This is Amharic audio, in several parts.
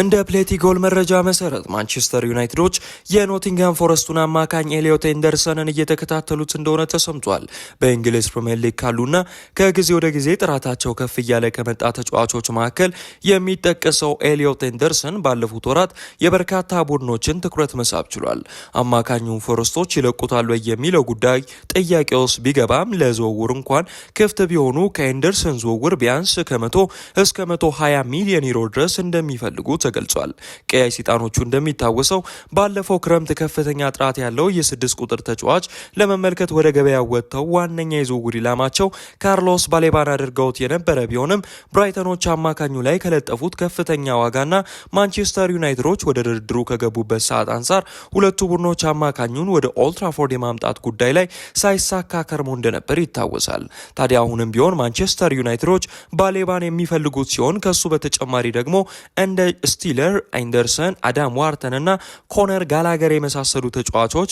እንደ ፕሌቲ ጎል መረጃ መሰረት ማንቸስተር ዩናይትዶች የኖቲንግሃም ፎረስቱን አማካኝ ኤሊዮት ኤንደርሰንን እየተከታተሉት እንደሆነ ተሰምቷል። በእንግሊዝ ፕሪምየር ሊግ ካሉና ከጊዜ ወደ ጊዜ ጥራታቸው ከፍ እያለ ከመጣ ተጫዋቾች መካከል የሚጠቀሰው ኤሊዮት ኤንደርሰን ባለፉት ወራት የበርካታ ቡድኖችን ትኩረት መሳብ ችሏል። አማካኙን ፎረስቶች ይለቁታሉ የሚለው ጉዳይ ጥያቄ ውስጥ ቢገባም ለዝውውር እንኳን ክፍት ቢሆኑ ከኤንደርሰን ዝውውር ቢያንስ ከመቶ እስከ መቶ 20 ሚሊዮን ዩሮ ድረስ እንደሚፈልጉ ተገልጿል። ቀያይ ሲጣኖቹ እንደሚታወሰው ባለፈው ክረምት ከፍተኛ ጥራት ያለው የስድስት ቁጥር ተጫዋች ለመመልከት ወደ ገበያ ወጥተው ዋነኛ የዝውውር ኢላማቸው ካርሎስ ባሌባን አድርገውት የነበረ ቢሆንም ብራይተኖች አማካኙ ላይ ከለጠፉት ከፍተኛ ዋጋና ማንቸስተር ዩናይትዶች ወደ ድርድሩ ከገቡበት ሰዓት አንጻር ሁለቱ ቡድኖች አማካኙን ወደ ኦልትራፎርድ የማምጣት ጉዳይ ላይ ሳይሳካ ከርሞ እንደነበር ይታወሳል። ታዲያ አሁንም ቢሆን ማንቸስተር ዩናይትዶች ባሌባን የሚፈልጉት ሲሆን ከሱ በተጨማሪ ደግሞ እንደ ስቲለር፣ አንደርሰን፣ አዳም ዋርተን እና ኮነር ጋላገር የመሳሰሉ ተጫዋቾች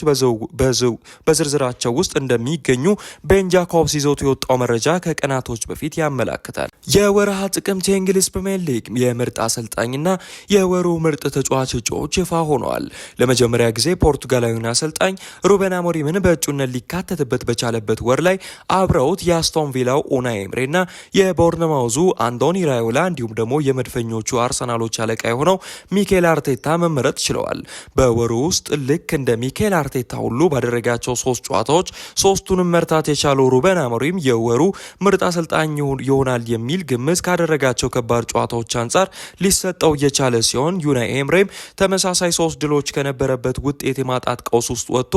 በዝርዝራቸው ውስጥ እንደሚገኙ ቤን ጃኮብስ የወጣው መረጃ ከቀናቶች በፊት ያመላክታል። የወርሃ ጥቅምት የእንግሊዝ ፕሪምየር ሊግ የምርጥ አሰልጣኝና የወሩ ምርጥ ተጫዋች እጩዎች ይፋ ሆነዋል። ለመጀመሪያ ጊዜ ፖርቱጋላዊውን አሰልጣኝ ሩበን አሞሪምን በእጩነት ሊካተትበት በቻለበት ወር ላይ አብረውት የአስቶን ቪላው ኡናይ ኤምሬና የቦርነማውዙ አንቶኒ ራዮላ እንዲሁም ደግሞ የመድፈኞቹ አርሰናሎች አለቃ የሆነው ሚኬል አርቴታ መመረጥ ችለዋል። በወሩ ውስጥ ልክ እንደ ሚኬል አርቴታ ሁሉ ባደረጋቸው ሶስት ጨዋታዎች ሶስቱንም መርታት የቻለው ሩበን አሞሪም የወሩ ምርጥ አሰልጣኝ ይሆናል የሚል ግምት ካደረጋቸው ከባድ ጨዋታዎች አንጻር ሊሰጠው የቻለ ሲሆን ዩናይ ኤምሬም ተመሳሳይ ሶስት ድሎች ከነበረበት ውጤት የማጣት ቀውስ ውስጥ ወጥቶ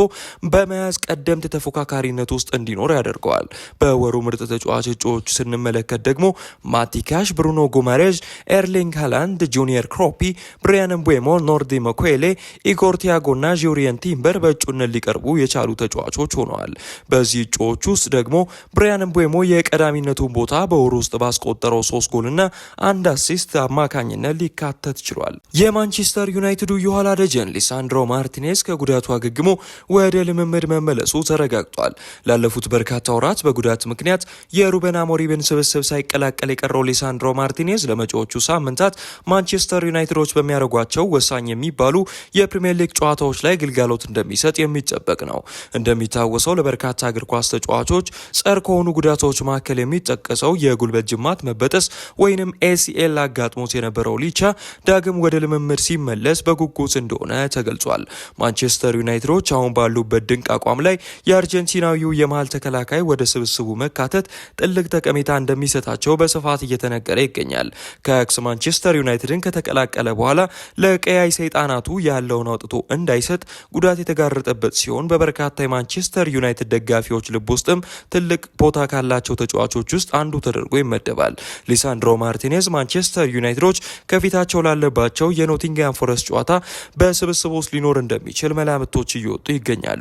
በመያዝ ቀደምት ተፎካካሪነት ውስጥ እንዲኖር ያደርገዋል። በወሩ ምርጥ ተጫዋች እጩዎች ስንመለከት ደግሞ ማቲካሽ፣ ብሩኖ ጉማሬዥ፣ ኤርሊንግ ሃላንድ፣ ጁኒየር ክሮፒ፣ ብሪያን ምቡሞ፣ ኖርዲ መኮሌ፣ ኢጎር ቲያጎና ዥሪየን ቲምበር በእጩነት ሊቀርቡ የቻሉ ተጫዋቾች ሆነዋል። በዚህ እጩዎች ውስጥ ደግሞ ብሪያን ምቡሞ የቀዳሚነቱን ቦታ በወር ውስጥ ባስቆጠረው ሶስት ና አንድ አሲስት አማካኝነት ሊካተት ችሏል። የማንቸስተር ዩናይትዱ የኋላ ደጀን ሊሳንድሮ ማርቲኔስ ከጉዳቱ አገግሞ ወደ ልምምድ መመለሱ ተረጋግጧል። ላለፉት በርካታ ወራት በጉዳት ምክንያት የሩበን አሞሪምን ስብስብ ሳይቀላቀል የቀረው ሊሳንድሮ ማርቲኔዝ ለመጪዎቹ ሳምንታት ማንቸስተር ዩናይትዶች በሚያደርጓቸው ወሳኝ የሚባሉ የፕሪምየር ሊግ ጨዋታዎች ላይ ግልጋሎት እንደሚሰጥ የሚጠበቅ ነው። እንደሚታወሰው ለበርካታ እግር ኳስ ተጫዋቾች ጸር ከሆኑ ጉዳቶች መካከል የሚጠቀሰው የጉልበት ጅማት መበጠስ ወይንም ኤሲኤል አጋጥሞት የነበረው ሊቻ ዳግም ወደ ልምምድ ሲመለስ በጉጉት እንደሆነ ተገልጿል። ማንቸስተር ዩናይትዶች አሁን ባሉበት ድንቅ አቋም ላይ የአርጀንቲናዊው የመሀል ተከላካይ ወደ ስብስቡ መካተት ጥልቅ ጠቀሜታ እንደሚሰጣቸው በስፋት እየተነገረ ይገኛል። ከክስ ማንቸስተር ዩናይትድን ከተቀላ ከተቀላቀለ በኋላ ለቀያይ ሰይጣናቱ ያለውን አውጥቶ እንዳይሰጥ ጉዳት የተጋረጠበት ሲሆን በበርካታ የማንቸስተር ዩናይትድ ደጋፊዎች ልብ ውስጥም ትልቅ ቦታ ካላቸው ተጫዋቾች ውስጥ አንዱ ተደርጎ ይመደባል። ሊሳንድሮ ማርቲኔዝ ማንቸስተር ዩናይትዶች ከፊታቸው ላለባቸው የኖቲንግሃም ፎረስት ጨዋታ በስብስብ ውስጥ ሊኖር እንደሚችል መላምቶች እየወጡ ይገኛሉ።